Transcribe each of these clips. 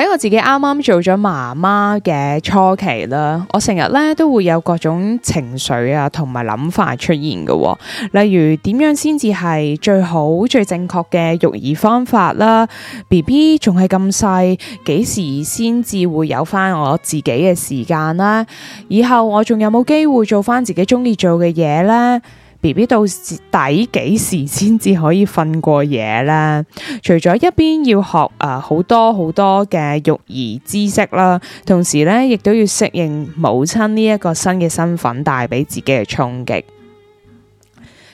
喺我自己啱啱做咗媽媽嘅初期啦，我成日咧都會有各種情緒啊，同埋諗法出現嘅，例如點樣先至係最好、最正確嘅育兒方法啦？BB 仲係咁細，幾時先至會有翻我自己嘅時間啦，以後我仲有冇機會做翻自己中意做嘅嘢咧？B B 到底幾時先至可以瞓過夜呢？除咗一邊要學誒好多好多嘅育兒知識啦，同時咧亦都要適應母親呢一個新嘅身份帶畀自己嘅衝擊。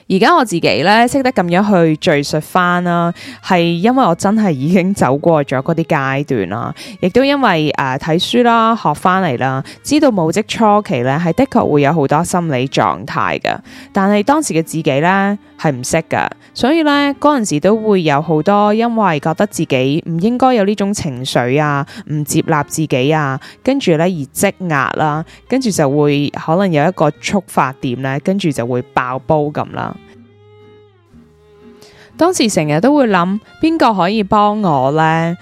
而家我自己咧識得咁樣去敘述翻啦，係因為我真係已經走過咗嗰啲階段啦、啊，亦都因為誒睇、呃、書啦，學翻嚟啦，知道母職初期咧係的確會有好多心理狀態嘅，但係當時嘅自己咧。係唔識噶，所以呢嗰陣時都會有好多，因為覺得自己唔應該有呢種情緒啊，唔接納自己啊，跟住呢而積壓啦，跟住就會可能有一個觸發點呢，跟住就會爆煲咁啦。當時成日都會諗，邊個可以幫我呢？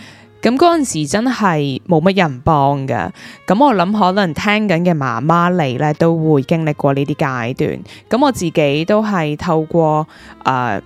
咁嗰陣時真係冇乜人幫㗎，咁、嗯、我諗可能聽緊嘅媽媽嚟咧都會經歷過呢啲階段，咁、嗯、我自己都係透過誒。呃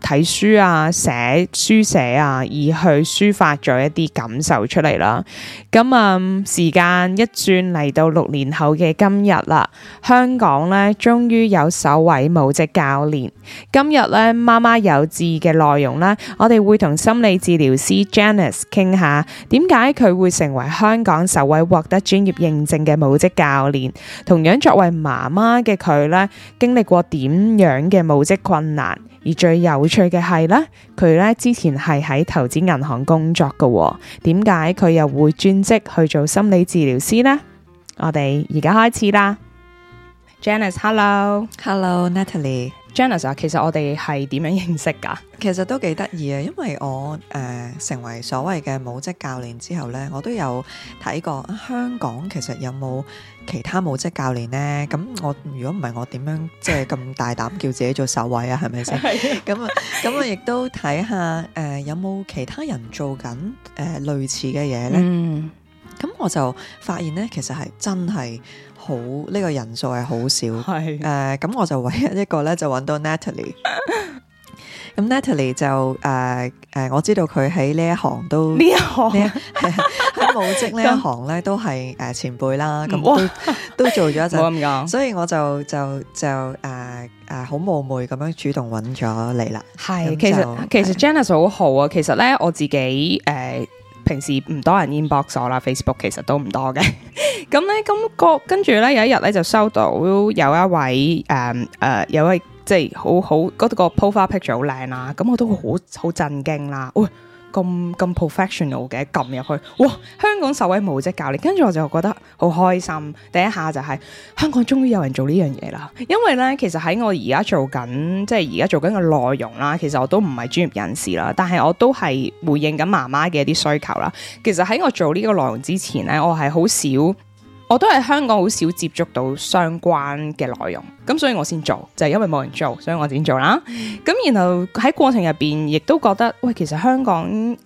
睇書啊，寫書寫啊，而去抒發咗一啲感受出嚟啦。咁、嗯、啊，時間一轉嚟到六年後嘅今日啦，香港咧終於有首位母職教練。今日咧媽媽有志嘅內容咧，我哋會同心理治療師 Janice 傾下，點解佢會成為香港首位獲得專業認證嘅母職教練。同樣作為媽媽嘅佢咧，經歷過點樣嘅母職困難，而最有。趣嘅係咧，佢咧之前係喺投資銀行工作嘅，點解佢又會專職去做心理治療師呢？我哋而家開始啦，Janice，Hello，Hello，Natalie，Janice 啊，其實我哋係點樣認識噶？其實都幾得意啊，因為我誒、呃、成為所謂嘅母職教練之後咧，我都有睇過香港其實有冇。其他母職教練呢？咁我如果唔係我點樣即係咁大膽叫自己做首位啊？係咪先？係。咁啊，咁啊，我亦都睇下誒有冇其他人做緊誒類似嘅嘢呢？嗯。咁、 嗯、我就發現呢，其實係真係好呢、這個人數係好少。係 的。誒、嗯，咁我就唯一一個呢，就揾到 Natalie。 咁 Natalie 就誒誒、呃，我知道佢喺呢一行都呢一行喺母職呢一行咧都係誒前輩啦，咁 那都，都做咗一陣，所以我就就就誒誒、呃、好冒昧咁樣主動揾咗你啦。係是，其實其實 Janice 好好啊。其實咧我自己誒、呃、平時唔多人 inbox 我啦，Facebook 其實都唔多嘅。咁咧咁個跟住咧有一日咧就收到有一位誒誒、呃、有位。即係好好嗰、那個 profile picture 好靚啦，咁我都會好好震驚啦！喂，咁咁 professional 嘅，撳入去，哇！香港首位母職教練，跟住我就覺得好開心。第一下就係、是、香港終於有人做呢樣嘢啦，因為咧其實喺我而家做緊，即係而家做緊嘅內容啦，其實我都唔係專業人士啦，但係我都係回應緊媽媽嘅一啲需求啦。其實喺我做呢個內容之前咧，我係好少。我都係香港好少接觸到相關嘅內容，咁所以我先做，就係、是、因為冇人做，所以我先做啦。咁、嗯、然後喺過程入邊，亦都覺得，喂，其實香港誒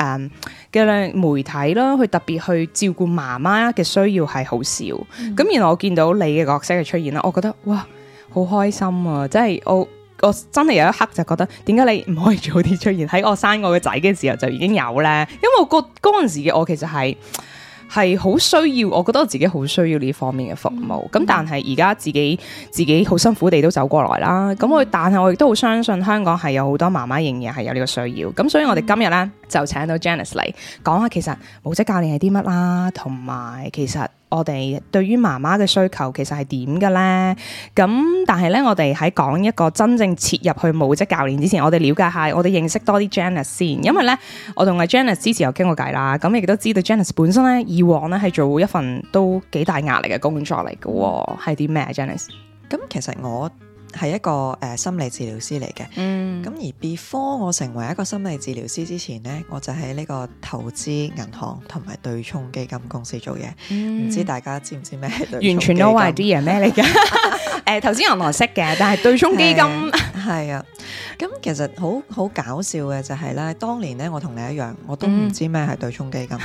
嘅、呃、媒體啦，去特別去照顧媽媽嘅需要係好少。咁、嗯、然後我見到你嘅角色嘅出現啦，我覺得哇，好開心啊！即係我我真係有一刻就覺得，點解你唔可以早啲出現喺我生我嘅仔嘅時候就已經有咧？因為我覺嗰陣時嘅我其實係。係好需要，我覺得我自己好需要呢方面嘅服務。咁、嗯、但係而家自己自己好辛苦地都走過來啦。咁我但係我亦都好相信香港係有好多媽媽仍然係有呢個需要。咁所以我哋今日咧就請到 Janice 嚟講下其實母職教練係啲乜啦，同埋其實。我哋對於媽媽嘅需求其實係點嘅咧？咁但係咧，我哋喺講一個真正切入去母職教練之前，我哋了解下，我哋認識多啲 Janice 先。因為咧，我同阿 Janice 之前有傾過偈啦。咁你都知道 Janice 本身咧，以往咧係做一份都幾大壓力嘅工作嚟嘅喎，係啲咩啊，Janice？咁其實我。係一個誒、呃、心理治療師嚟嘅，咁、嗯、而 before 我成為一個心理治療師之前呢，我就喺呢個投資銀行同埋對沖基金公司做嘢。唔、嗯、知大家知唔知咩係對沖基金？完全 no idea，咩嚟嘅？誒、 呃，投資銀行識嘅，但係對沖基金係啊。咁、 呃、其實好好搞笑嘅就係、是、咧，當年咧我同你一樣，我都唔知咩係對沖基金，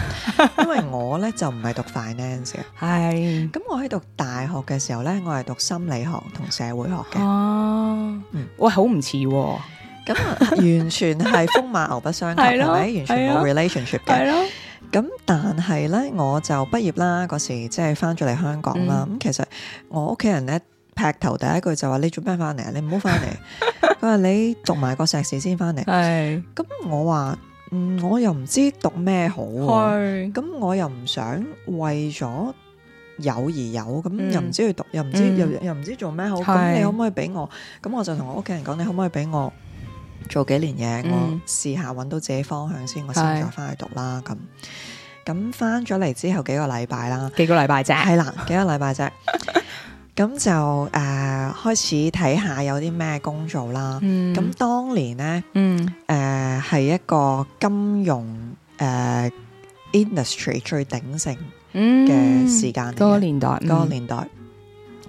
因為我咧就唔係讀 finance。係的，咁 我喺讀大學嘅時候咧，我係讀心理學同社會學嘅。嗯、喂哦，哇，好唔似，咁啊，完全係風馬牛不相及，係咪 的？完全冇 relationship 嘅，咁的但係咧，我就畢業啦，嗰時即係翻咗嚟香港啦。咁、嗯、其實我屋企人咧，劈頭第一句就話：你做咩翻嚟？你唔好翻嚟。佢話 你讀埋個碩士先翻嚟。咁的、嗯、我話，嗯，我又唔知讀咩好，咁的 我又唔想為咗。有而有咁，又唔知去讀，又唔知又又唔知做咩好。咁你可唔可以俾我？咁我就同我屋企人講，你可唔可以俾我做幾年嘢？我試下搵到自己方向先，我先再翻去讀啦。咁咁翻咗嚟之後幾個禮拜啦，幾個禮拜啫，係啦，幾個禮拜啫。咁就誒開始睇下有啲咩工做啦。咁當年呢，嗯，誒係一個金融誒 Industry 最鼎盛嘅、嗯、時間嗰個年代，嗰、嗯、個年代，咁、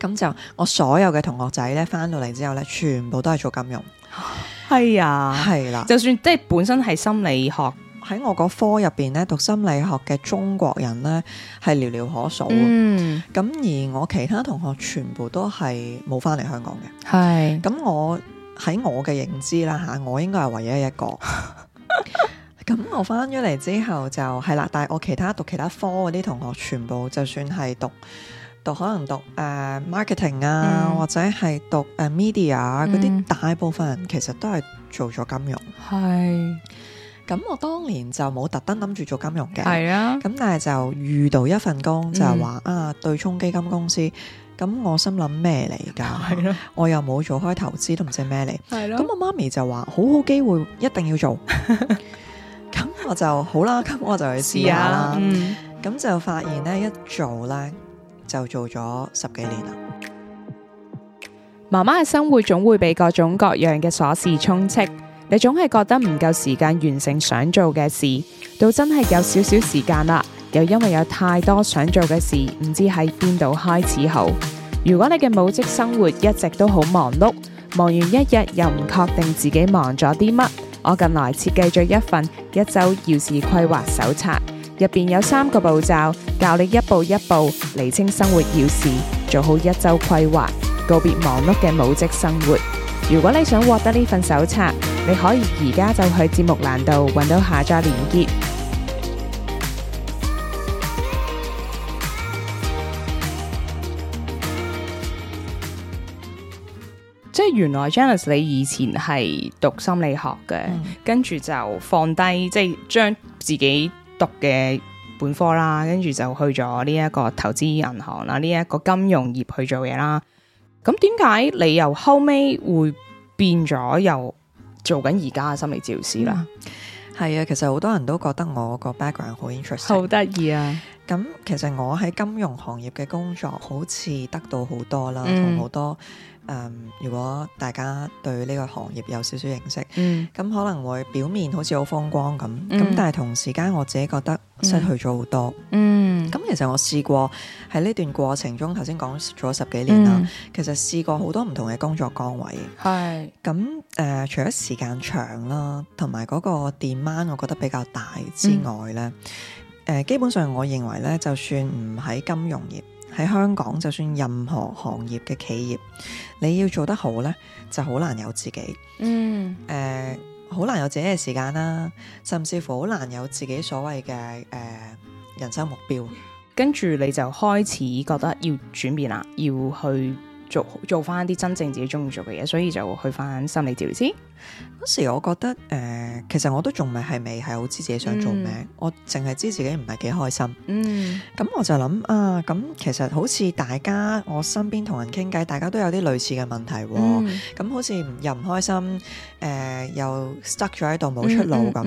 嗯、就我所有嘅同學仔咧，返到嚟之後咧，全部都係做金融，係啊，係啦，就算即係本身係心理學喺我嗰科入邊咧讀心理學嘅中國人咧，係寥寥可數。嗯，咁而我其他同學全部都係冇返嚟香港嘅，係是，咁我喺我嘅認知啦，吓我應該係唯一一個。 咁、嗯、我翻咗嚟之後就係啦，但係我其他讀其他科嗰啲同學，全部就算係讀讀可能讀誒、呃、Marketing 啊，嗯、或者係讀、呃、Media 嗰、啊、啲，嗯、大部分人其實都係做咗金融。係是，咁我當年就冇特登諗住做金融嘅。係啊，咁但係就遇到一份工就係話、嗯、啊，對沖基金公司。咁我心諗咩嚟㗎？係咯、啊，我又冇做開投資都唔知咩嚟。係咯、啊，咁我媽咪就話好好機會，一定要做。 咁 我就好啦，咁我就去試下啦。咁、嗯、就發現呢，一做呢，就做咗十幾年啦。媽媽嘅生活總會被各種各樣嘅瑣事充斥，你總係覺得唔夠時間完成想做嘅事。到真係有少少時間啦，又因為有太多想做嘅事，唔知喺邊度開始好。如果你嘅母職生活一直都好忙碌，忙完一日又唔確定自己忙咗啲乜。我近來設計咗一份一周要事規劃手冊，入邊有三個步驟，教你一步一步厘清生活要事，做好一周規劃，告別忙碌嘅母職生活。如果你想獲得呢份手冊，你可以而家就去節目欄度搵到下載鏈接。即係原來 Janice 你以前係讀心理學嘅，跟住、嗯、就放低，即係將自己讀嘅本科啦，跟住就去咗呢一個投資銀行啦，呢、這、一個金融業去做嘢啦。咁點解你又後尾會變咗又做緊而家嘅心理治療師啦？係啊、嗯，其實好多人都覺得我個 background 好 interesting，好得意啊。咁其實我喺金融行業嘅工作好似得到好多啦，同好多、嗯。誒，如果大家對呢個行業有少少認識，咁、嗯、可能會表面好似好風光咁，咁、嗯、但係同時間我自己覺得失去咗好多嗯。嗯，咁其實我試過喺呢段過程中，頭先講咗十幾年啦，嗯、其實試過好多唔同嘅工作崗位。係咁誒，除咗時間長啦，同埋嗰個 demand 我覺得比較大之外咧，誒、嗯呃，基本上我認為咧，就算唔喺金融業。喺香港，就算任何行業嘅企業，你要做得好呢，就好難有自己。嗯，誒、呃，好難有自己嘅時間啦，甚至乎好難有自己所謂嘅誒人生目標，跟住你就開始覺得要轉變啦，要去。做做翻啲真正自己中意做嘅嘢，所以就去翻心理治療師。嗰 時我覺得誒、呃，其實我都仲未係未係好知自己想做咩，我淨係知自己唔係幾開心。嗯，咁 我就諗啊，咁其實好似大家我身邊同人傾偈，大家都有啲類似嘅問題，咁好似又唔開心，誒又塞咗喺度冇出路咁。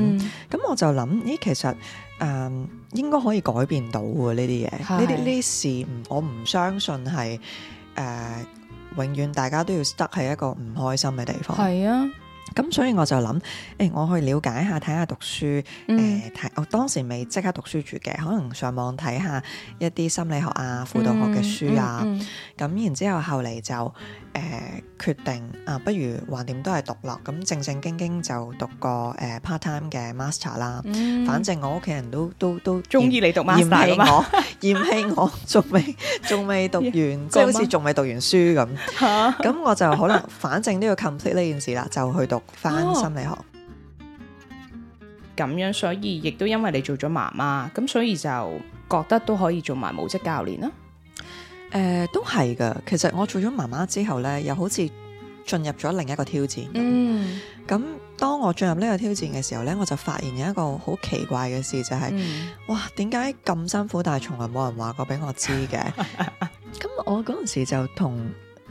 咁我就諗，咦，其實誒、嗯嗯、應該可以改變到嘅呢啲嘢，呢啲呢事，我唔相信係。誒，uh，永遠大家都要 stuck 喺一個唔開心嘅地方。係啊，咁所以我就諗，誒、欸，我可以了解下睇下讀書，誒、嗯呃，我當時未即刻讀書住嘅，可能上網睇下一啲心理學啊、輔導學嘅書啊，咁、嗯嗯嗯、然之後後嚟就。誒，決定啊，不如橫掂都係讀落，咁正正經經就讀個誒 part time 嘅 master 啦。反正我屋企人都都都中意你讀 master 啊嘛，嫌棄我嫌棄我仲未仲未讀完，即係好似仲未讀完書咁。咁我就可能反正都要 complete 呢件事啦，就去讀翻心理學。咁樣，所以亦都因為你做咗媽媽，咁所以就覺得都可以做埋母職教練啦。誒、呃，都係噶。其實我做咗媽媽之後呢，又好似進入咗另一個挑戰。嗯，咁當我進入呢個挑戰嘅時候呢，我就發現有一個好奇怪嘅事，就係、是，嗯、哇，點解咁辛苦，但係從來冇人話過俾我知嘅？咁我嗰陣時就同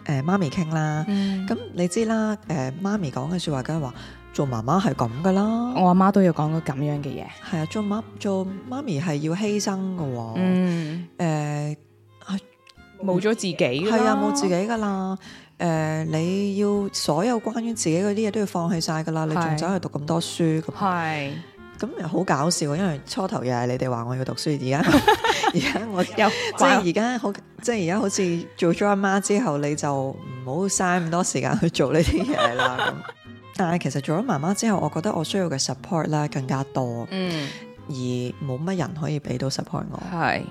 誒媽咪傾啦。咁你知啦，誒媽咪講嘅說話梗係話做媽媽係咁噶啦。我阿媽都有講過咁樣嘅嘢。係啊，做媽做媽咪係要犧牲噶。嗯、誒、嗯。欸冇咗自己係啊，冇自己噶啦！誒、呃，你要所有關於自己嗰啲嘢都要放棄晒噶啦！你仲走去讀咁多書咁，係咁是、嗯、好搞笑。因為初頭又係你哋話我要讀書，而家而家我 又怪我即係而家好，即係而家好似做咗阿媽之後，你就唔好嘥咁多時間去做呢啲嘢啦。咁但係其實做咗媽媽之後，我覺得我需要嘅 support 咧更加多，嗯，而冇乜人可以俾到 support 我，係。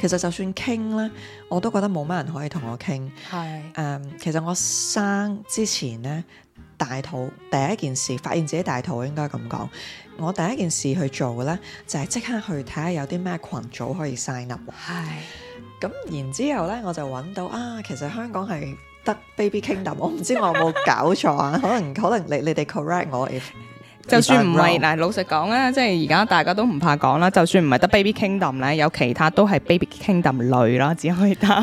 其實就算傾咧，我都覺得冇乜人可以同我傾。係，誒，um，其實我生之前咧，大肚第一件事發現自己大肚，應該咁講。我第一件事去做咧，就係即刻去睇下有啲咩群組可以 sign up。係，咁然之後咧，我就揾到啊，其實香港係得 Baby Kingdom。我唔知我有冇搞錯啊 可？可能可能你你哋 correct 我 if。就算唔係嗱，老實講啦，即係而家大家都唔怕講啦。就算唔係得 Baby Kingdom 咧，有其他都係 Baby Kingdom 類啦，只可以打。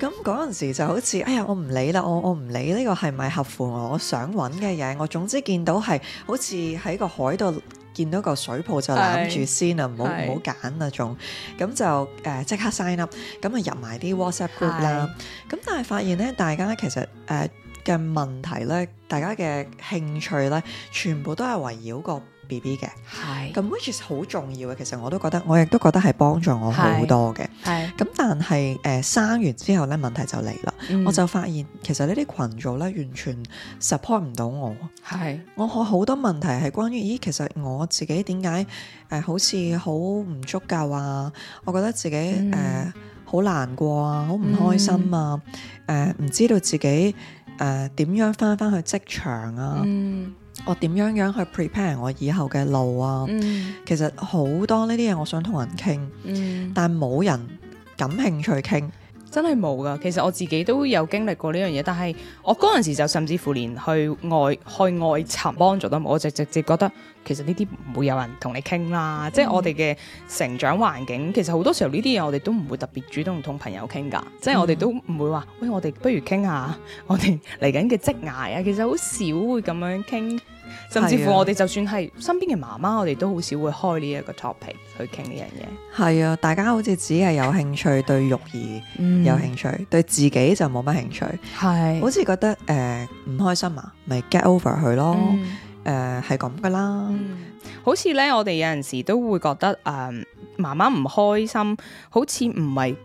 咁嗰陣時就好似，哎呀，我唔理啦，我我唔理呢個係咪合乎我想揾嘅嘢。我總之見到係好似喺個海度見到個水泡就攬住先啊，唔好唔好揀啊，仲咁是 就誒即、呃、刻 sign up，咁啊入埋啲 WhatsApp group 啦。咁是 但係發現咧，大家其實誒。呃嘅問題咧，大家嘅興趣咧，全部都係圍繞個 B B 嘅，係咁是，which is 好重要嘅。其實我都覺得，我亦都覺得係幫助我好多嘅。係咁，但係誒、呃、生完之後咧，問題就嚟啦。嗯、我就發現，其實呢啲群組咧，完全 support 唔到我。係是我好多問題係關於咦，其實我自己點解誒好似好唔足夠啊？我覺得自己誒好、嗯呃、難過啊，好唔開心啊，誒唔、嗯呃、知道自己。誒，點樣翻翻去職場啊？嗯、我點樣樣去 prepare 我以後嘅路啊？嗯、其實好多呢啲嘢，我想同人傾，嗯、但冇人感興趣傾。真係冇㗎，其實我自己都有經歷過呢樣嘢，但係我嗰陣時就甚至乎連去外去外尋幫助都冇，我就直接覺得其實呢啲唔會有人同你傾啦。嗯、即係我哋嘅成長環境，其實好多時候呢啲嘢我哋都唔會特別主動同朋友傾㗎。即係我哋都唔會話，嗯、喂，我哋不如傾下，我哋嚟緊嘅職涯啊，其實好少會咁樣傾。甚至乎我哋就算係身邊嘅媽媽，我哋都好少會開呢一個 topic 去傾呢樣嘢。係啊，大家好似只係有興趣對育兒有興趣，嗯、對自己就冇乜興趣。係，好似覺得誒唔開心啊，咪 get over 佢咯。誒係咁噶啦。好似咧，我哋有陣時都會覺得誒、呃、媽媽唔開心，好似唔係。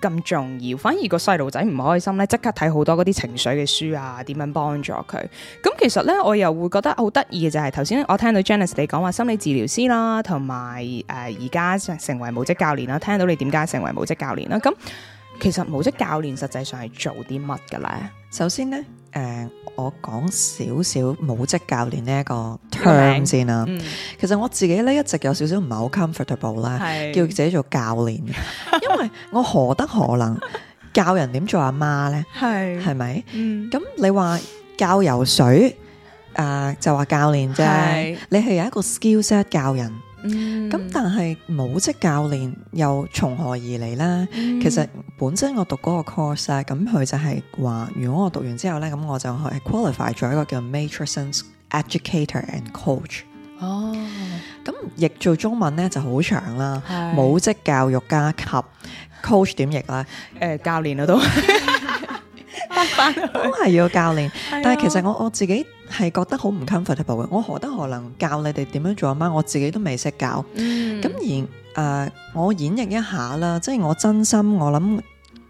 咁重要，反而個細路仔唔開心咧，即刻睇好多嗰啲情緒嘅書啊，點樣幫助佢？咁其實咧，我又會覺得好得意嘅就係頭先我聽到 Janice 你講話心理治療師啦，同埋誒而家成為母職教練啦，聽到你點解成為母職教練啦？咁其實母職教練實際上係做啲乜㗎咧？首先咧。誒，uh, 我講少少母職教練呢一個 term 先啦。其實我自己咧一直有少少唔係好 comfortable 啦，是叫自己做教練， 因為我何德何能教人點做阿媽咧？係係咪？咁吧、嗯、你話教游水，誒、呃、就話教練啫，是你係有一個 skill set 教人。咁、嗯、但係母職教練又從何而嚟咧？嗯、其實本身我讀嗰個 course 啊，咁佢就係話，如果我讀完之後咧，咁我就可以 qualify 咗一個叫 Matrescence educator and coach。哦，咁譯做中文咧就好長啦，母職是教育家及 coach 點譯咧？誒、 呃，教練啊都。 都係要教練，但係其實我我自己係覺得好唔 comfortable 嘅。我何德何能教你哋點樣做阿媽？我自己都未識教。咁而誒，我演繹一下啦，即係我真心我諗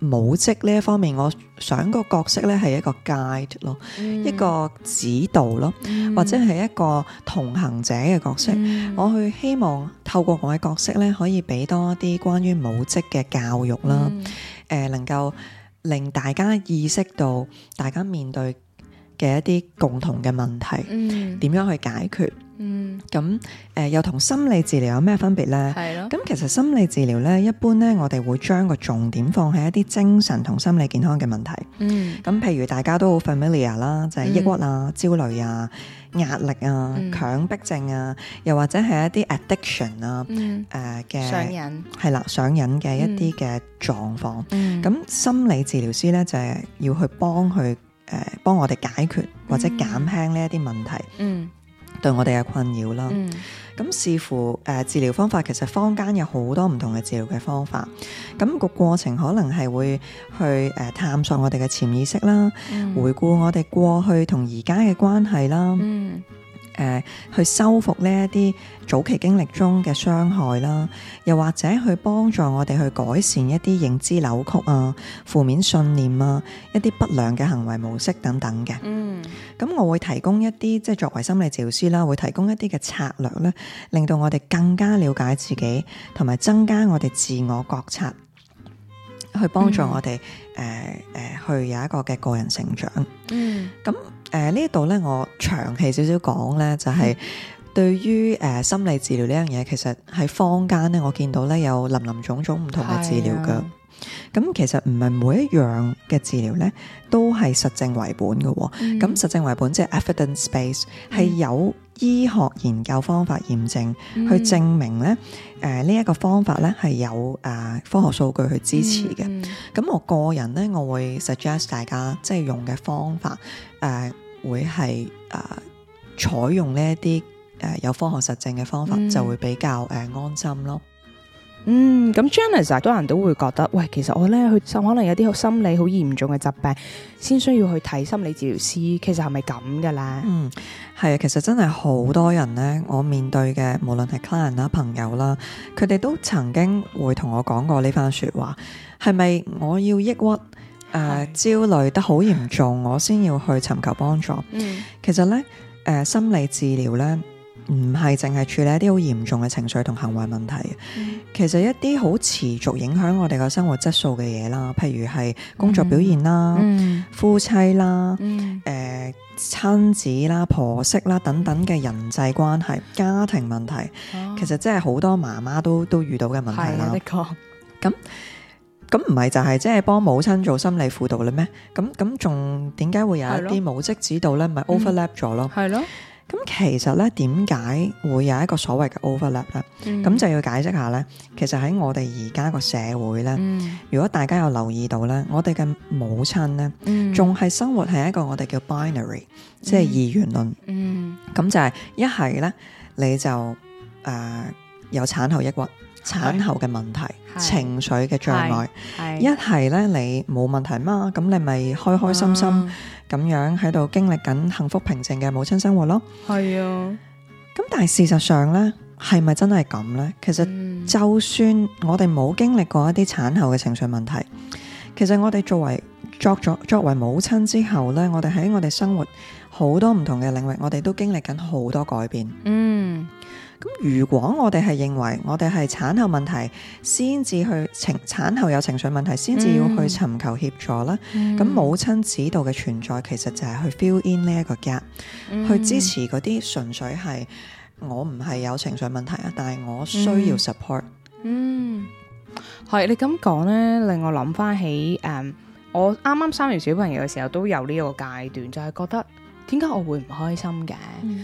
母職呢一方面，我想個角色咧係一個 guide 咯，一個指導咯，或者係一個同行者嘅角色。我去希望透過我嘅角色咧，可以俾多一啲關於母職嘅教育啦。誒，能夠。令大家意識到，大家面對嘅一啲共同嘅問題，點樣、嗯去解決？咁誒、嗯呃、又同心理治療有咩分別咧？係咯的。咁其實心理治療咧，一般咧，我哋會將個重點放喺一啲精神同心理健康嘅問題。咁、嗯、譬如大家都好 familiar 啦，就係抑鬱啊、焦慮啊、壓力啊、嗯、強迫症啊，又或者係一啲 addiction 啊，誒嘅、嗯呃、上癮癮，係啦，上癮嘅一啲嘅狀況。咁心理治療師咧就係要去幫佢。嗯嗯嗯誒，幫我哋解決或者減輕呢一啲問題，嗯、對我哋嘅困擾啦。咁、嗯、視乎誒、呃、治療方法，其實坊間有好多唔同嘅治療嘅方法。咁、個過程可能係會去誒、呃、探索我哋嘅潛意識啦，嗯、回顧我哋過去同而家嘅關係啦。嗯嗯誒、呃，去修復呢一啲早期經歷中嘅傷害啦，又或者去幫助我哋去改善一啲認知扭曲啊、負面信念啊、一啲不良嘅行為模式等等嘅。嗯，咁我會提供一啲即係作為心理治療師啦，會提供一啲嘅策略咧，令到我哋更加了解自己，同埋增加我哋自我覺察，去幫助我哋誒誒，去有一個嘅個人成長。嗯，咁、嗯。誒，呃、呢一度咧，我長氣少少講咧，就係、是、對於誒、呃、心理治療呢樣嘢，其實喺坊間咧，我見到咧有林林種種唔同嘅治療噶，咁、啊、其實唔係每一樣嘅治療咧都係實證為本嘅，咁、嗯、實證為本即係、就是、evidence base 係、嗯、有醫學研究方法驗證，嗯、去證明咧，誒呢一個方法咧係有誒、呃、科學數據去支持嘅。咁、嗯、我個人咧，我會 suggest 大家即係用嘅方法，誒、呃、會係誒、呃、採用呢一啲誒有科學實證嘅方法，嗯、就會比較誒、呃、安心咯。嗯，咁 Janice，多人都會覺得，喂，其實我咧去可能有啲好心理好嚴重嘅疾病，先需要去睇心理治療師。其實係咪咁嘅咧？嗯，係啊，其實真係好多人咧，我面對嘅無論係 client 啦、朋友啦，佢哋都曾經會同我講過呢番説話，係咪我要抑鬱、誒、呃、焦慮得好嚴重，我先要去尋求幫助？嗯、其實咧，誒、呃、心理治療咧。唔係淨係處理一啲好嚴重嘅情緒同行為問題，嗯、其實一啲好持續影響我哋個生活質素嘅嘢啦，譬如係工作表現啦、嗯嗯、夫妻啦、誒親、嗯呃、子啦、婆媳啦等等嘅人際關係、嗯、家庭問題，啊、其實真係好多媽媽都都遇到嘅問題啦。咁咁唔係就係即係幫母親做心理輔導咧咩？咁咁仲點解會有一啲母職指導咧？咪 overlap 咗咯？係咯、嗯。嗯咁其實咧，點解會有一個所謂嘅 overlap 咧？咁、嗯、就要解釋下咧。其實喺我哋而家個社會咧，嗯、如果大家有留意到咧，我哋嘅母親咧，仲係、嗯、生活係一個我哋叫 binary、嗯、即係二元論。咁、嗯嗯、就係一係咧，你就誒、呃、有產後抑鬱。產後嘅問題、的情緒嘅障礙，一係咧你冇問題嘛。咁你咪開開心心咁樣喺度經歷緊幸福平靜嘅母親生活咯。係啊的，咁但係事實上呢，係咪真係咁呢？其實就算我哋冇經歷過一啲產後嘅情緒問題，其實我哋作為作作作為母親之後呢，我哋喺我哋生活好多唔同嘅領域，我哋都經歷緊好多改變。嗯。如果我哋係認為我哋係產後問題，先至去情產後有情緒問題，先至要去尋求協助啦。咁、嗯、母親指導嘅存在，其實就係去 fill in 呢一個 gap，嗯、去支持嗰啲純粹係我唔係有情緒問題啊，但係我需要 support、嗯。嗯，係你咁講呢，令我諗翻起誒，um, 我啱啱生完小朋友嘅時候都有呢一個階段，就係、是、覺得。點解我會唔開心嘅？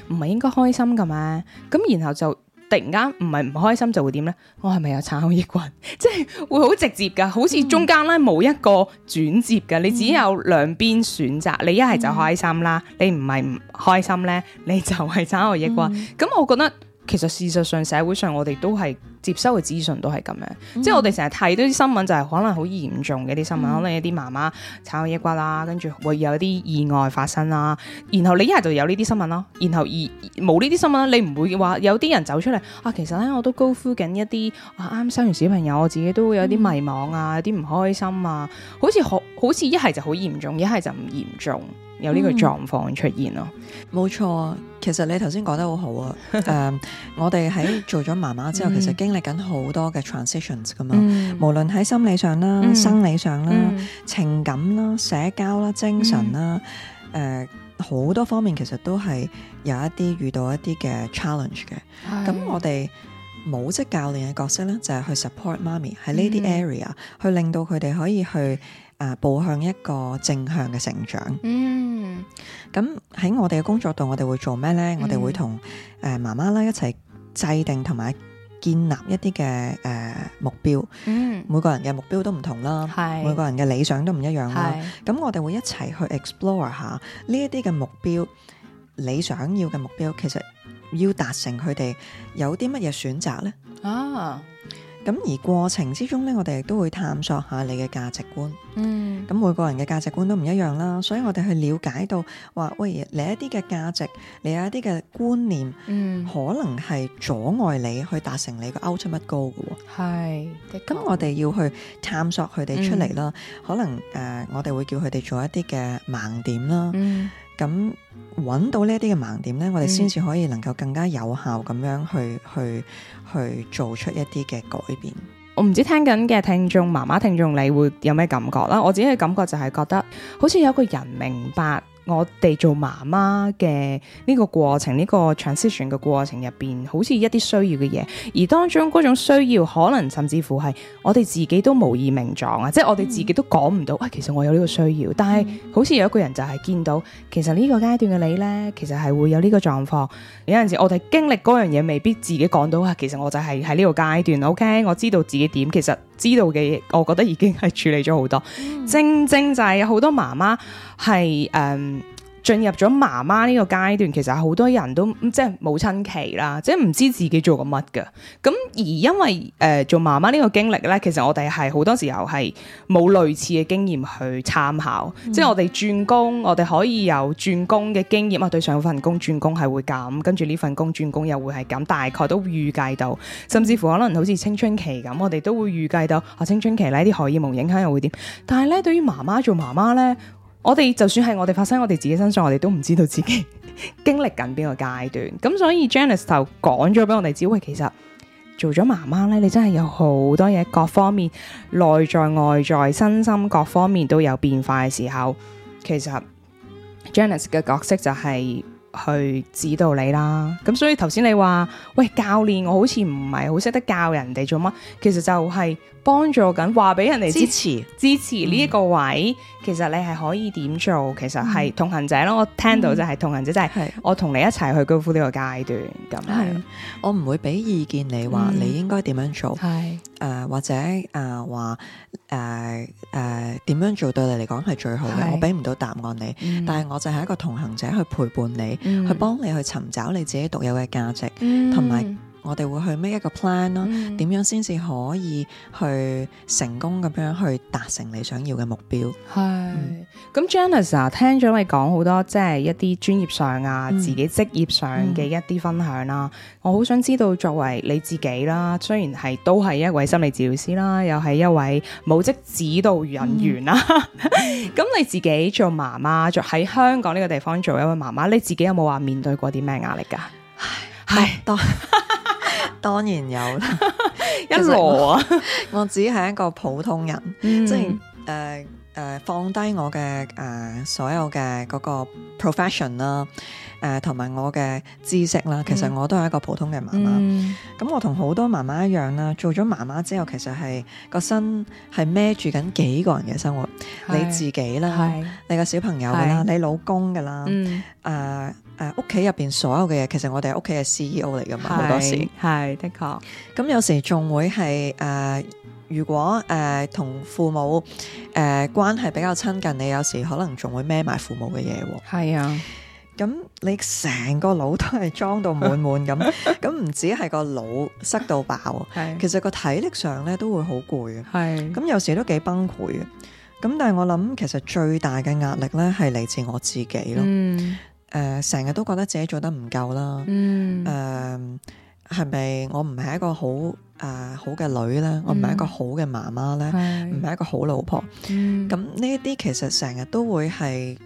唔係、嗯、應該開心噶嘛。咁然後就突然間唔係唔開心就會點呢？我係咪有產後抑鬱？ 即係會好直接噶，好似中間咧冇一個轉折噶，嗯、你只有兩邊選擇，嗯、你一係就開心啦，嗯、你唔係唔開心呢，你就係產後抑鬱。咁、嗯、我覺得其實事實上社會上我哋都係。接收嘅資訊都係咁樣，嗯、即係我哋成日睇到啲新聞就係可能好嚴重嘅啲新聞，嗯、可能有啲媽媽炒嘢抑啦，跟住會有啲意外發生啦。然後你一係就有呢啲新聞咯，然後而冇呢啲新聞你唔會話有啲人走出嚟啊。其實咧，我都高呼 t 緊一啲，啱、啊、生完小朋友，我自己都會有啲迷茫啊，嗯、有啲唔開心啊，好似好似一係就好嚴重，一係就唔嚴重，有呢個狀況出現咯。冇、嗯、錯，其實你頭先講得好好啊。 uh, 我哋喺做咗媽媽之後，其實經歷緊好多嘅 transitions 噶嘛、嗯，無論喺心理上啦、嗯、生理上啦、嗯、情感啦、社交啦、精神啦，誒、嗯、好、呃、多方面其實都係有一啲遇到一啲嘅 challenge 嘅。咁是我哋母職教練嘅角色咧，就係、是、去 support 媽咪喺呢啲 area，嗯、去令到佢哋可以去誒、呃、步向一個正向嘅成長。嗯，咁喺我哋嘅工作度，我哋會做咩咧？我哋會同誒媽媽啦一齊制定同埋。建立一啲嘅誒目標，嗯，每個人嘅目標都唔同啦，係是，每個人嘅理想都唔一樣啦，咁是我哋會一齊去 explore 下呢一啲嘅目標，你想要嘅目標，其實要達成佢哋有啲乜嘢選擇呢？啊！咁而過程之中咧，我哋亦都會探索下你嘅價值觀。嗯，咁每個人嘅價值觀都唔一樣啦，所以我哋去了解到，話喂你一啲嘅價值，你有一啲嘅觀念，嗯，可能係阻礙你去達成你嘅 out 乜高嘅喎。係是，咁我哋要去探索佢哋出嚟啦。嗯、可能誒、呃，我哋會叫佢哋做一啲嘅盲點啦。嗯咁揾到呢一啲嘅盲點咧，嗯、我哋先至可以能夠更加有效咁樣去、嗯、去去，去做出一啲嘅改變。我唔知道聽緊嘅聽眾媽媽聽眾，你會有咩感覺啦？我自己嘅感覺就係覺得好似有個人明白。我哋做媽媽嘅呢個過程，呢、這個 transition 嘅過程入邊，好似一啲需要嘅嘢，而當中嗰種需要，可能甚至乎係我哋自己都無以名狀啊！嗯、即係我哋自己都講唔到，啊、哎，其實我有呢個需要，但係好似有一個人就係見到，其實呢個階段嘅你呢，其實係會有呢個狀況。有陣時我哋經歷嗰樣嘢，未必自己講到啊、哎，其實我就係喺呢個階段，OK，我知道自己點，其實。知道嘅嘢，我覺得已經係處理咗好多。嗯、正正就係好多媽媽係誒。Um 進入咗媽媽呢個階段，其實好多人都即係母親期啦，即係唔知自己做過乜㗎。咁而因為誒、呃、做媽媽呢個經歷呢，其實我哋係好多時候係冇類似嘅經驗去參考。嗯、即係我哋轉工，我哋可以有轉工嘅經驗啊。對上份工轉工係會咁，跟住呢份工轉工又會係咁，大概都會預計到。甚至乎可能好似青春期咁，我哋都會預計到啊青春期呢啲荷爾蒙影響又會點。但係呢，對於媽媽做媽媽呢。我哋就算係我哋發生我哋自己身上，我哋都唔知道自己 經歷緊邊個階段，咁所以 Janice 就講咗俾我哋知，喂，其實做咗媽媽咧，你真係有好多嘢，各方面內在外在、身心各方面都有變化嘅時候，其實 Janice 嘅角色就係去指導你啦。咁所以頭先你話喂教練，我好似唔係好識得教人哋做乜，其實就係、是。幫助緊，話俾人哋支持支持呢一個位，其實你係可以點做，其實係同行者咯。我聽到就係同行者，就係我同你一齊去高呼呢個階段咁樣，我唔會俾意見你話你應該點樣做，係誒或者誒話誒誒點樣做對你嚟講係最好嘅，我俾唔到答案你，但係我就係一個同行者去陪伴你，去幫你去尋找你自己獨有嘅價值，同埋。我哋會去 make 一個 plan 咯，點樣先至可以去成功咁樣去達成你想要嘅目標。係咁 Janice 啊，聽咗你講好多，即係一啲專業上,、嗯、業上啊，自己職業上嘅一啲分享啦。我好想知道，作為你自己啦，雖然係都係一位心理治療師啦，又係一位母職指導人員啦，咁、嗯、 你自己做媽媽，做喺香港呢個地方做一位媽媽，你自己有冇話面對過啲咩壓力噶？係多。當然有啦，其實我, 我只係一個普通人，嗯、即係誒誒放低我嘅誒、呃、所有嘅嗰個 profession 啦。誒，同埋我嘅知識啦，其實我都係一個普通嘅媽媽。咁、嗯、我同好多媽媽一樣啦，做咗媽媽之後，其實係個身係孭住緊幾個人嘅生活，是你自己啦，是你個小朋友啦，是你老公噶啦，誒誒、嗯，屋企入邊所有嘅嘢，其實我哋屋企係 CEO 嚟噶嘛，好是多時係的確。咁有時仲會係誒、呃，如果誒同、呃、父母誒、呃、關係比較親近，你有時可能仲會孭埋父母嘅嘢。係啊。咁你成個腦都係裝到滿滿咁，咁唔止係個腦塞到爆，其實個體力上咧都會好攰，係咁有時都幾崩潰嘅。咁但係我諗，其實最大嘅壓力咧係嚟自我自己咯。誒，成日都覺得自己做得唔夠啦。誒，係咪我唔係一個好誒好嘅女咧？我唔係一個好嘅媽媽咧？唔係一個好老婆？咁呢一啲其實成日都會係。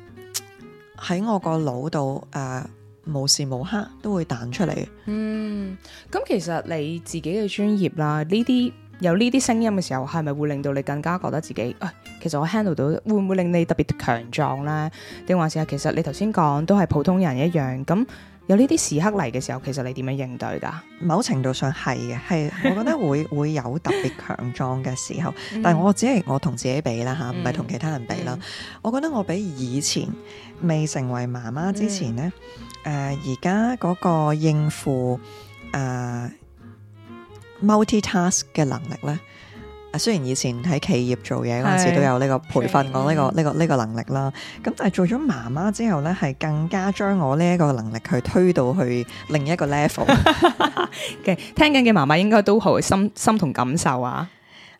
喺我個腦度誒，無時無刻都會彈出嚟。嗯，咁其實你自己嘅專業啦，呢啲有呢啲聲音嘅時候，係咪會令到你更加覺得自己誒、哎，其實我 handle 到，會唔會令你特別強壯呢？定還是係其實你頭先講都係普通人一樣咁。有呢啲時刻嚟嘅時候，其實你點樣應對噶？某程度上係嘅，係我覺得會 會有特別強壯嘅時候。但係我只係我同自己比啦吓，啊、唔係同其他人比啦。嗯嗯、我覺得我比以前未成為媽媽之前咧，誒而家嗰個應付誒、呃、multi task 嘅能力咧。啊，雖然以前喺企業做嘢嗰陣時候都有呢個培訓我呢、呢個呢個呢個能力啦，咁但係做咗媽媽之後呢，係更加將我呢一個能力去推到去另一個 level 嘅。聽緊嘅媽媽應該都好心心同感受啊，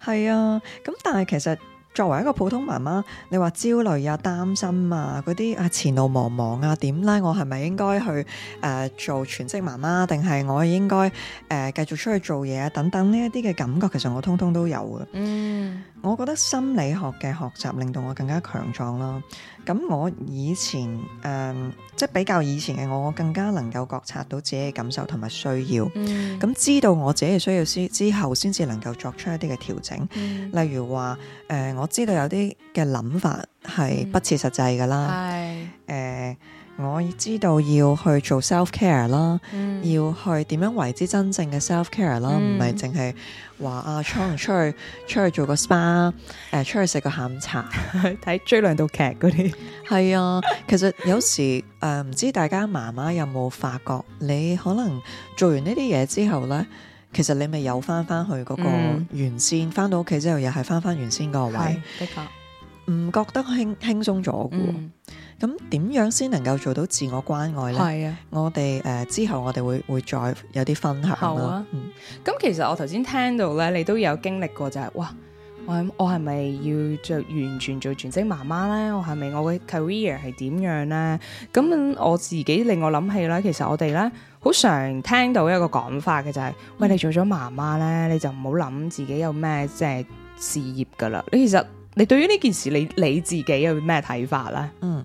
係啊，咁但係其實。作為一個普通媽媽，你話焦慮啊、擔心啊、嗰啲啊前路茫茫啊，點啦？我係咪應該去誒、呃、做全職媽媽，定係我應該誒繼續出去做嘢啊？等等呢一啲嘅感覺，其實我通通都有嘅。嗯。我覺得心理學嘅學習令到我更加強壯啦。咁我以前誒、呃、即係比較以前嘅我，我更加能夠覺察到自己嘅感受同埋需要。咁、嗯、知道我自己嘅需要先之後，先至能夠作出一啲嘅調整。嗯、例如話誒、呃，我知道有啲嘅諗法係不切實際㗎啦。係誒、嗯。呃我知道要去做 self care 啦、嗯，要去點樣為之真正嘅 self care 啦、嗯，唔係淨係話阿出唔出去，出去做個 spa，誒，出去食個下午茶，睇 追兩套劇嗰啲。係啊，其實有時誒，唔、呃、知大家媽媽有冇發覺，你可能做完呢啲嘢之後咧，其實你咪又翻翻去嗰個原先，翻、嗯、到屋企之後又係翻翻原先嗰個位，的確，唔覺得輕輕鬆咗嘅。咁點樣先能夠做到自我關愛呢？係是啊我，我哋誒之後我哋會會再有啲分享啦。咁是、啊嗯、其實我頭先聽到咧，你都有經歷過就係、是、哇，我我係咪要做完全做全職媽媽咧？我係咪我嘅 career 係點樣咧？咁我自己令我諗起咧，其實我哋咧好常聽到一個講法嘅就係、是，嗯、喂，你做咗媽媽咧，你就唔好諗自己有咩即係事業噶啦。你其實～你對於呢件事，你你自己有咩睇法呢？嗯，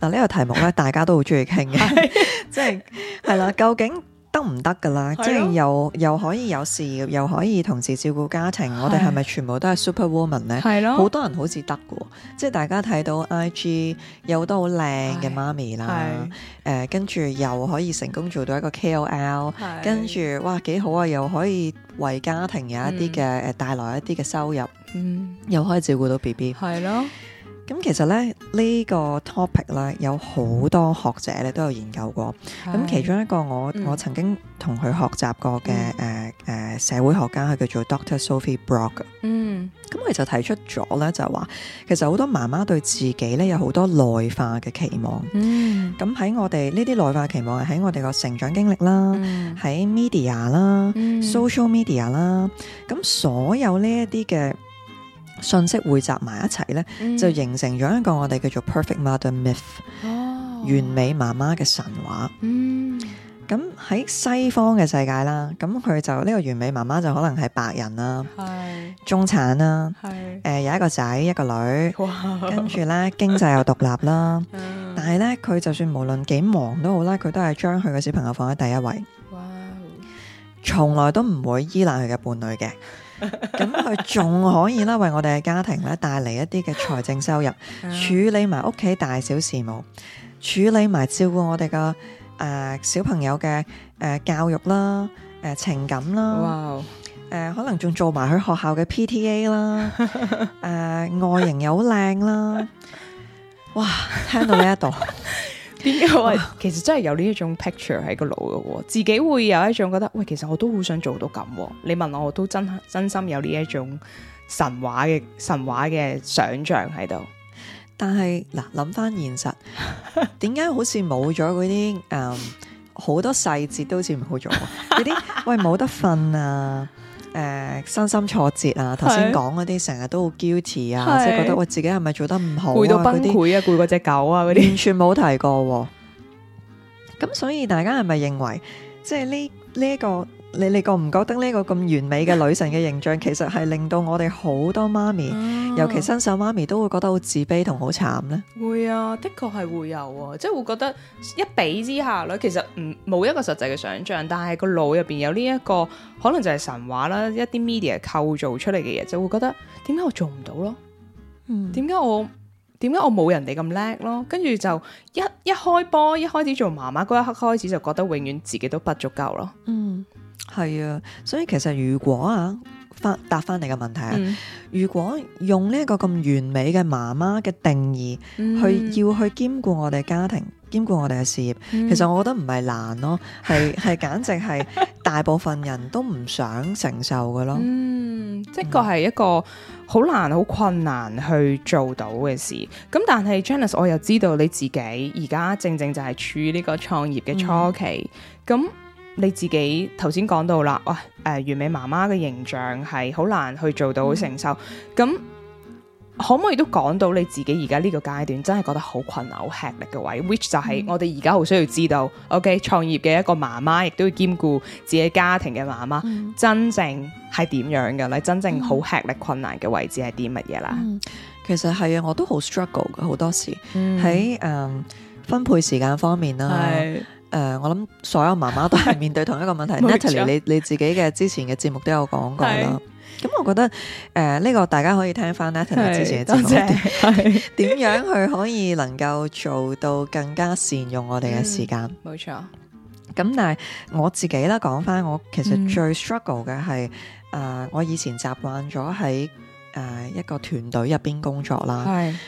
嗱、啊，呢、這個題目大家都好鍾意傾嘅，即係係啦，究竟得唔得㗎喇？行行的即係又又可以有事業，又可以同時照顧家庭。的我哋係咪全部都係 super woman 咧？係咯的，好多人好似得嘅。即係大家睇到 IG 有好多好靚嘅媽咪啦。誒的、呃，跟住又可以成功做到一個 KOL，的跟住哇幾好啊！又可以為家庭有一啲嘅誒帶來一啲嘅收入，嗯，又可以照顧到 BB，係咯。的咁其實咧，呢個 topic 咧有好多學者咧都有研究過。咁的其中一個我我曾經同佢學習過嘅誒誒社會學家係、嗯、叫做 Dr. Sophie Brock。嗯，咁佢就提出咗咧就話，其實好多媽媽對自己咧有好多內化嘅期望。咁喺、嗯、我哋呢啲內化期望係喺我哋個成長經歷啦，喺 media 啦，social media 啦，咁、嗯、所有呢一啲嘅，信息匯集埋一齊呢、嗯、就形成咗一個我哋叫做 perfect mother myth，哦、完美媽媽嘅神話。咁喺、嗯、西方嘅世界啦，咁佢就呢、呢個完美媽媽就可能係白人啦，是中產啦是、呃，有一個仔一個女，哇跟住呢經濟又獨立啦。 但係呢，佢就算無論幾忙都好啦，佢都係將佢嘅小朋友放喺第一位，哇哇從來都唔會依賴佢嘅伴侶嘅。咁佢仲可以啦，為我哋嘅家庭咧帶嚟一啲嘅財政收入，Yeah. 處理埋屋企大小事務，處理埋照顧我哋嘅誒小朋友嘅誒教育啦，誒、呃、情感啦，哇 Wow.、呃，誒可能仲做埋佢學校嘅 PTA 啦，誒外形又好靚啦，哇，聽到呢一度。 點解？其實真係有呢一種 picture 喺個腦嘅，自己會有一種覺得，喂，其實我都好想做到咁。你問我，我都真真心有呢一種神話嘅神話嘅想象喺度。但係嗱，諗翻現實，點解 好似冇咗嗰啲，誒，好多細節都好似冇咗？嗰啲 喂，冇得瞓啊！誒、呃、身心挫折啊！頭先講嗰啲成日都好 guilty 啊，是即係覺得我自己係咪做得唔好攰、啊、到崩潰啊，攰嗰隻狗啊嗰啲， 完全冇提過、啊。咁所以大家係咪認為，即係呢呢一個？你你覺唔覺得呢個咁完美嘅女神嘅形象，其實係令到我哋好多媽咪，啊、尤其新手媽咪都會覺得好自卑同好慘呢？會啊，的確係會有啊，即係會覺得一比之下咧，其實唔冇一個實際嘅想象，但係個腦入邊有呢、這、一個可能就係神話啦，一啲 media 構造出嚟嘅嘢，就會覺得點解我做唔到咯？嗯，點解我點解我冇人哋咁叻咯？跟住就一一開波，一開始做媽媽嗰一刻開始，就覺得永遠自己都不足夠咯。嗯。係啊，所以其實如果啊，翻答翻你嘅問題啊，嗯、如果用呢一個咁完美嘅媽媽嘅定義去要去兼顧我哋嘅家庭、嗯、兼顧我哋嘅事業，其實我覺得唔係難咯，係係、嗯、簡直係大部分人都唔想承受㗎咯。嗯，即個係一個好難、好困難去做到嘅事。咁、嗯、但係 Janice，我又知道你自己而家正正就係處於呢個創業嘅初期，咁、嗯。嗯你自己頭先講到啦，哇，誒、呃，完美媽媽嘅形象係好難去做到承受，咁、嗯、可唔可以都講到你自己而家呢個階段真係覺得好困難、好吃力嘅位，which 就係、嗯、我哋而家好需要知道，OK，創業嘅一個媽媽亦都要兼顧自己家庭嘅媽媽，真正係點樣嘅？嗯、你真正好吃力、困難嘅位置係啲乜嘢啦？其實係啊，我都好 struggle 好多時喺誒分配時間方面啦。是誒，uh, 我諗所有媽媽都係面對同一個問題。 沒錯 Natalie 你你自己嘅之前嘅節目都有講過啦。咁我覺得誒，呢個大家可以聽翻 Natalie 之前嘅節目，點樣去可以能夠做到更加善用我哋嘅時間。冇錯。咁但係我自己咧，講翻我其實最 struggle 嘅係，誒、呃，我以前習慣咗喺誒、呃、一個團隊入邊工作啦，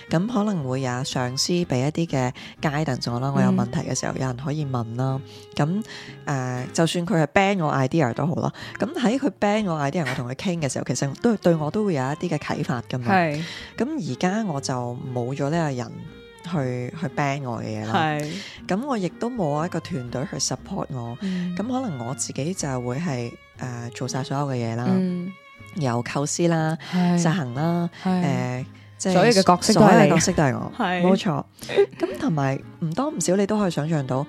咁是可能會有上司俾一啲嘅 guidance 我啦，嗯、我有問題嘅時候有人可以問啦。咁誒、呃，就算佢係 ban 我 idea 都好啦。咁喺佢 ban 我 idea，我同佢傾嘅時候， 其實都對,對我都會有一啲嘅啟發噶嘛。咁而家我就冇咗呢個人去去 ban 我嘅嘢啦。咁是我亦都冇一個團隊去 support 我。咁、嗯、可能我自己就會係誒、呃、做晒所有嘅嘢啦。嗯由構思啦、是實行啦、誒是、呃，即係所有嘅角色，所有嘅角色都係我，係冇 是 錯。咁同埋唔多唔少，你都可以想象到，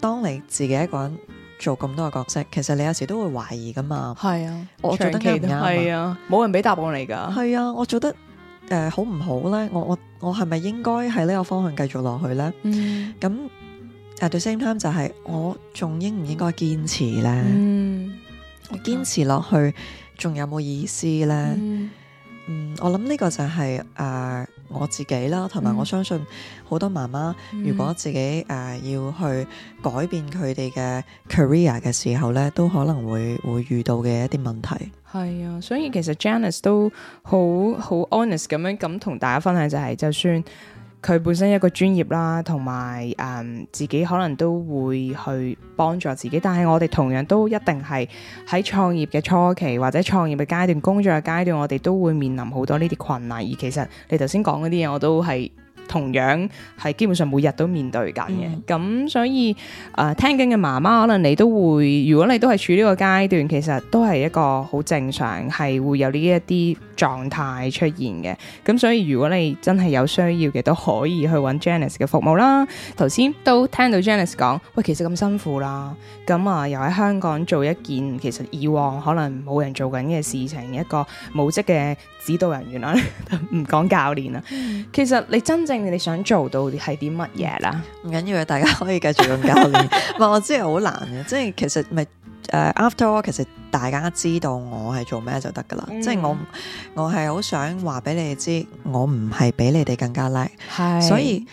當你自己一個人做咁多嘅角色，其實你有時都會懷疑噶嘛。係啊，我做得唔啱啊！冇人俾答案你㗎。係啊，我做得誒好唔好咧？我我我係咪應該喺呢個方向繼續落去咧？咁誒、嗯，對，same time 就係我仲應唔應該堅持咧？嗯，我、嗯、堅持落去。仲有冇意思呢？嗯，嗯，我諗呢個就係誒我自己啦，同埋我相信好多媽媽如果自己誒要去改變佢哋嘅 career 嘅時候呢，都可能會會遇到嘅一啲問題。係啊，所以其實 Janice 都好好 honest 咁樣咁同大家分享就係，就算。佢本身一個專業啦，同埋誒自己可能都會去幫助自己，但係我哋同樣都一定係喺創業嘅初期或者創業嘅階段、工作嘅階段，我哋都會面臨好多呢啲困難，而其實你頭先講嗰啲嘢，我都係。同樣係基本上每日都面對緊嘅，咁、嗯、哼所以誒、呃、聽緊嘅媽媽，可能你都會，如果你都係處呢個階段，其實都係一個好正常，係會有呢一啲狀態出現嘅。咁所以如果你真係有需要嘅，都可以去揾 Janice 嘅服務啦。頭先都聽到 Janice 講：「喂，其實咁辛苦啦，咁啊又喺香港做一件其實以往可能冇人做緊嘅事情，一個母職嘅指導人員啦，唔 講教練啦，其實你真正。你想做到係啲乜嘢啦？唔緊要，大家可以繼續用教練。唔係 我真係好難嘅，即係其實咪誒、uh,，after all 其實大家知道我係做咩就得㗎喇。嗯、即係我我係好想話俾你哋知，我唔係比你哋更加叻，係是所以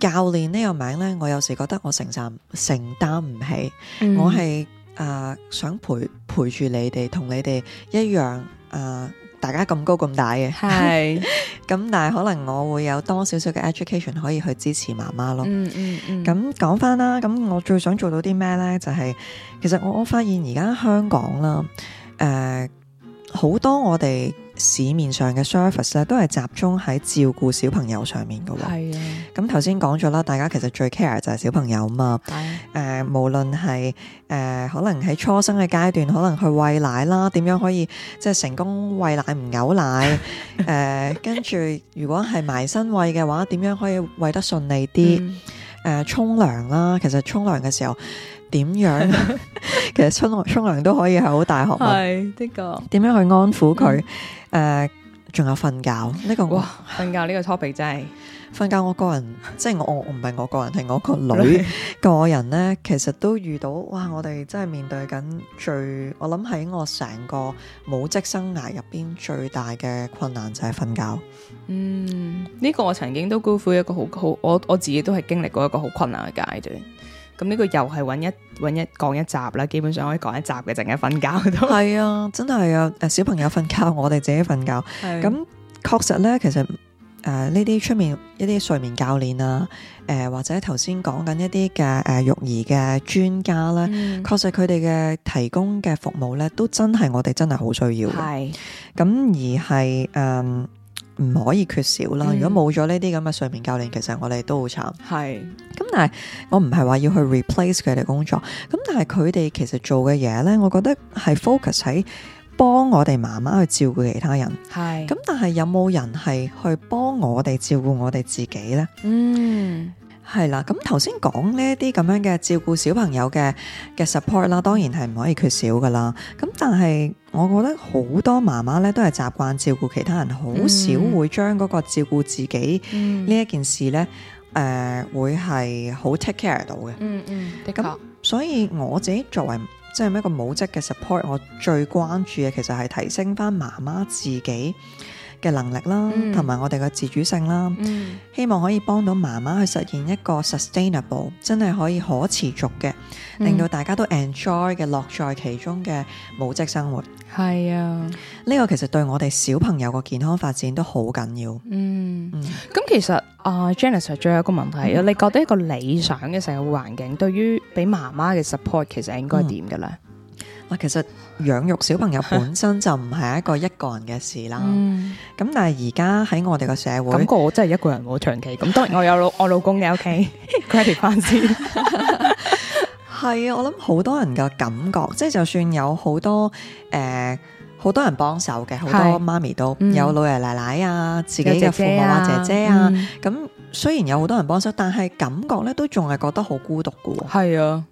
教練呢個名咧，我有時覺得我承擔承擔唔起。嗯、我係誒、uh, 想陪陪住你哋，同你哋一樣誒。Uh, 大家咁高咁大嘅，係咁，但係可能我會有多少少嘅 education 可以去支持媽媽咯。嗯嗯嗯。咁講返啦，咁、嗯、我最想做到啲咩咧？就係、是、其實我我發現而家香港啦，誒、呃。好多我哋市面上嘅 service 都係集中喺照顧小朋友上面㗎喎、喔。係是啊、嗯，咁頭先講咗啦，大家其實最 care 就係小朋友嘛。係誒是、啊呃，無論係、呃、可能喺初生嘅階段，可能去餵奶啦，點樣可以即係成功餵奶唔嘔奶？誒、 呃，跟住如果係埋身餵嘅話，點樣可以餵得順利啲？誒、嗯呃，沖涼啦，其實沖涼嘅時候。點樣？ 其實沖沖涼都可以係好大學問，係呢、這個。點樣去安撫佢？誒、嗯，仲、呃、有瞓覺呢、這個？哇，瞓覺呢個 topic 真係瞓覺。我個人即係我我唔係我個人，係我，我個我女個人呢， 其實都遇到哇！我哋真係面對緊最我諗喺我成個母職生涯入邊最大嘅困難就係瞓覺。嗯，呢、這個我曾經都辜負一個好好，我我自己都係經歷過一個好困難嘅階段。咁呢個又係搵一搵一講一集啦，基本上可以講一集嘅，淨係瞓覺都係啊，真係啊！誒，小朋友瞓覺，我哋自己瞓覺。咁確是實咧，其實誒呢啲出面一啲睡眠教練啊，誒、呃、或者頭先講緊一啲嘅誒育兒嘅專家咧，確、嗯、實佢哋嘅提供嘅服務咧，都真係我哋真係好需要嘅。係咁是而係誒。呃唔可以缺少啦！如果冇咗呢啲咁嘅睡眠教練，其實我哋都好慘。係是。咁但係我唔係話要去 replace 佢哋工作，咁但係佢哋其實做嘅嘢呢，我覺得係 focus 喺幫我哋媽媽去照顧其他人。係是。咁但係有冇人係去幫我哋照顧我哋自己呢？嗯。係啦，咁頭先講呢一啲咁樣嘅照顧小朋友嘅嘅 support 啦，當然係唔可以缺少噶啦。咁但係我覺得好多媽媽咧都係習慣照顧其他人，好、嗯、少會將嗰個照顧自己呢、嗯、一件事咧，誒、呃、會係好 take care 到嘅。嗯嗯，的確。所以我自己作為即係、就是、一個母職嘅 support，我最關注嘅其實係提升翻媽媽自己。嘅能力啦，同埋、嗯、我哋嘅自主性啦，嗯、希望可以幫到媽媽去實現一個 sustainable，真係可以可持續嘅，嗯、令到大家都 enjoy 嘅樂在其中嘅母職生活。係啊，呢個其實對我哋小朋友嘅健康發展都好緊要。嗯，咁、嗯、其實啊、uh，Janice 最後一個問題，嗯、你覺得一個理想嘅社會環境，對於俾媽媽嘅 support，其實應該點嘅咧？嗱、嗯，其實。養育小朋友本身就唔係一個一個人嘅事啦。咁、嗯、但係而家喺我哋個社會，咁我真係一個人好長期。咁 當然我有老我老公嘅屋企 gratitude 翻先。係 啊，我諗好多人嘅感覺，即係就算有好多誒，好、呃、多人幫手嘅，好多媽咪都有老爺奶奶啊，自己嘅父母啊、姐姐啊。咁、嗯嗯、雖然有好多人幫手，但係感覺咧都仲係覺得好孤獨嘅。係啊。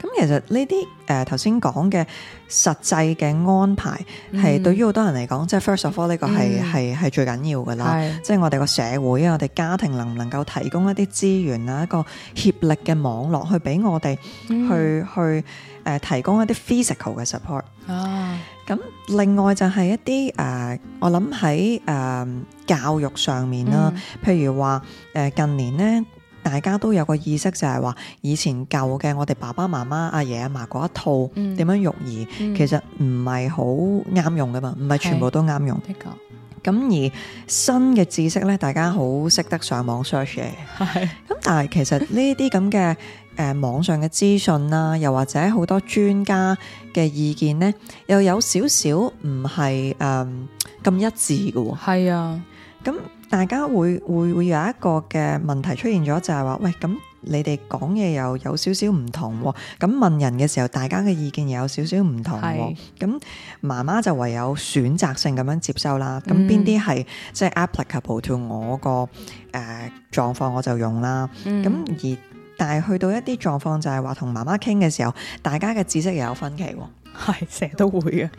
咁其實呢啲誒頭先講嘅實際嘅安排，係對於好多人嚟講，即係 first of all 呢個係係係最緊要㗎喇。即係是我哋個社會啊，我哋家庭能唔能夠提供一啲資源啊，一個協力嘅網絡去俾我哋去、嗯、去誒、呃、提供一啲 physical 嘅 support 啊。咁另外就係一啲誒、呃，我諗喺誒教育上面啦，嗯、譬如話誒、呃、近年咧。大家都有個意識，就係話以前舊嘅我哋爸爸媽媽、阿爺阿嫲嗰一套點樣育兒，嗯嗯、其實唔係好啱用㗎嘛，唔係全部都啱用。咁的而新嘅知識咧，大家好識得上網 search 嘅。咁的但係其實呢啲咁嘅誒網上嘅資訊啦、啊，又或者好多專家嘅意見咧，又有少少唔係誒咁一致嘅喎。係啊的。咁。大家會會會有一個嘅問題出現咗，就係、是、話，喂，咁你哋講嘢又有少少唔同，咁問人嘅時候，大家嘅意見又有少少唔同，咁是媽媽就唯有選擇性咁樣接收啦。咁邊啲係即係 applicable to 我個誒、呃、狀況，我就用啦。咁、嗯、而但係去到一啲狀況、就是，就係話同媽媽傾嘅時候，大家嘅知識又有分歧，係成日都會嘅。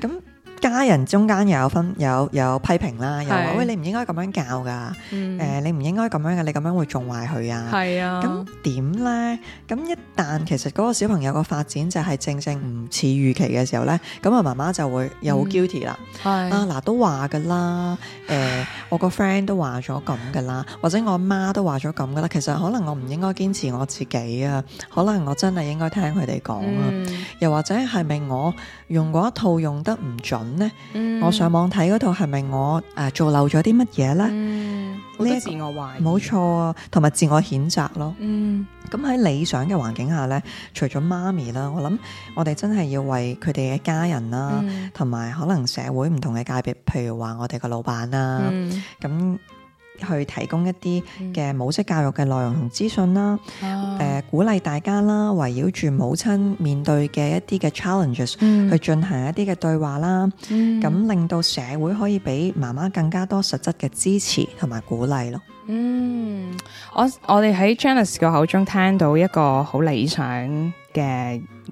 咁。 家人中間又有分有有批評啦，又話是喂，你唔應該咁樣教噶，誒，你唔應該咁樣噶，你咁樣，樣會縱壞佢啊。係啊，咁點咧？咁一旦其實嗰個小朋友個發展就係正正唔似預期嘅時候咧，咁啊媽媽就會又好 guilty 啦。係、嗯、啊，嗱都話噶啦，誒、呃、我個 friend 都話咗咁噶啦，或者我阿媽都話咗咁噶啦。其實可能我唔應該堅持我自己啊，可能我真係應該聽佢哋講啊，嗯、又或者係咪我用嗰一套用得唔準？咧，嗯、我上網睇嗰套係咪我誒做漏咗啲乜嘢咧？呢個自我懷疑，冇錯，同埋自我譴責咯。嗯，咁喺理想嘅環境下咧，除咗媽咪啦，我諗我哋真係要為佢哋嘅家人啦，同埋、嗯、可能社會唔同嘅界別，譬如話我哋個老闆啦，咁、嗯。去提供一啲嘅母職教育嘅內容同資訊啦，誒、嗯呃、鼓勵大家啦，圍繞住母親面對嘅一啲嘅 challenges 去進行一啲嘅對話啦，咁、嗯、令到社會可以俾媽媽更加多實質嘅支持同埋鼓勵咯。嗯，我我哋喺 Janice 個口中聽到一個好理想，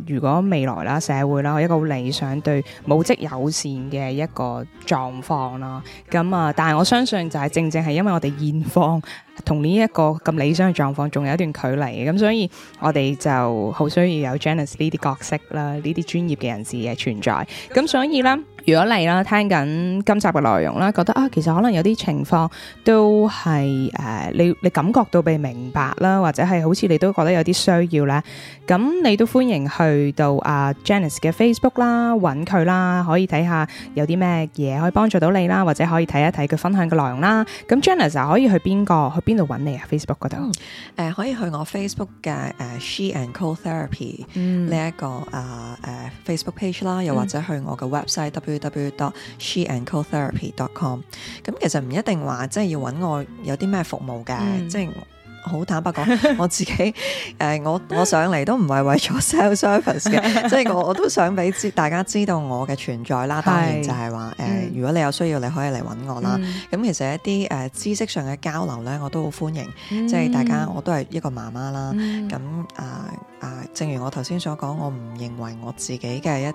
如果未來啦，社會啦，一個理想對母職友善嘅一個狀況啦，咁啊，但係我相信就係正正係因為我哋現況同呢一個咁理想嘅狀況仲有一段距離，咁所以我哋就好需要有 Janice 呢啲角色啦，呢啲專業嘅人士嘅存在，咁所以呢。如果嚟啦，聽緊今集嘅內容啦，覺得啊，其實可能有啲情況都係誒、呃、你你感覺到被明白啦，或者係好似你都覺得有啲需要咧，咁你都歡迎去到阿、啊、Janice 嘅 Facebook 啦，揾佢啦，可以睇下有啲咩嘢可以幫助到你啦，或者可以睇一睇佢分享嘅內容啦。咁 Janice、啊、可以去邊個去邊度揾你啊？Facebook 度？誒、嗯呃、可以去我 Facebook 嘅誒、uh, She and Co Therapy 呢、嗯、一個啊誒、uh, uh, Facebook page 啦，又或者去我嘅 website。w 多 sheandcotherapy.com，咁其實唔一定話即係要揾我有啲咩服務嘅，即係好坦白講， 我自己誒，我我上嚟,都唔係為咗 sell service 嘅，即係 我我都想俾大家知道我嘅存在啦。 當然就係話誒，嗯、如果你有需要，你可以嚟揾我啦。咁、嗯、其實一啲誒知識上嘅交流咧，我都好歡迎。即係、嗯、大家我都係一個媽媽啦。咁啊啊，正如我頭先所講，我唔認為我自己嘅一。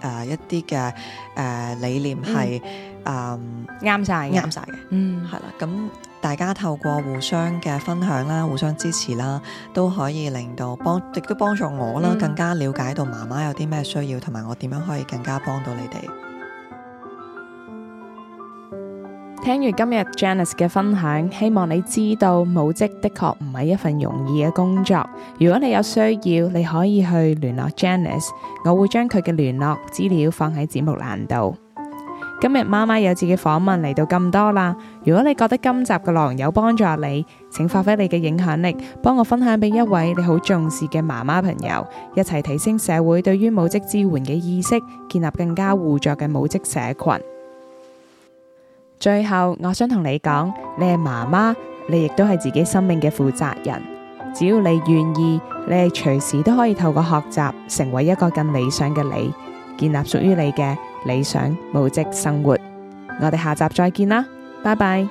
誒、uh，一啲嘅誒理念係誒啱晒嘅，啱晒嘅，嗯，係啦，咁大家透過互相嘅分享啦，互相支持啦，都可以令到幫亦都幫助我啦，嗯、更加了解到媽媽有啲咩需要，同埋我點樣可以更加幫到你哋。聽完今日 Janice 嘅分享，希望你知道母職的確唔係一份容易嘅工作。如果你有需要，你可以去聯絡 Janice，我會將佢嘅聯絡資料放喺節目欄度。今日媽媽有志嘅訪問嚟到咁多啦。如果你覺得今集嘅內容有幫助你，請發揮你嘅影響力，幫我分享俾一位你好重視嘅媽媽朋友，一齊提升社會對於母職支援嘅意識，建立更加互助嘅母職社群。最後，我想同你講，你係媽媽，你亦都係自己生命嘅負責人。只要你願意，你係隨時都可以透過學習成為一個更理想嘅你，建立屬於你嘅理想母職生活。我哋下集再見啦，拜拜。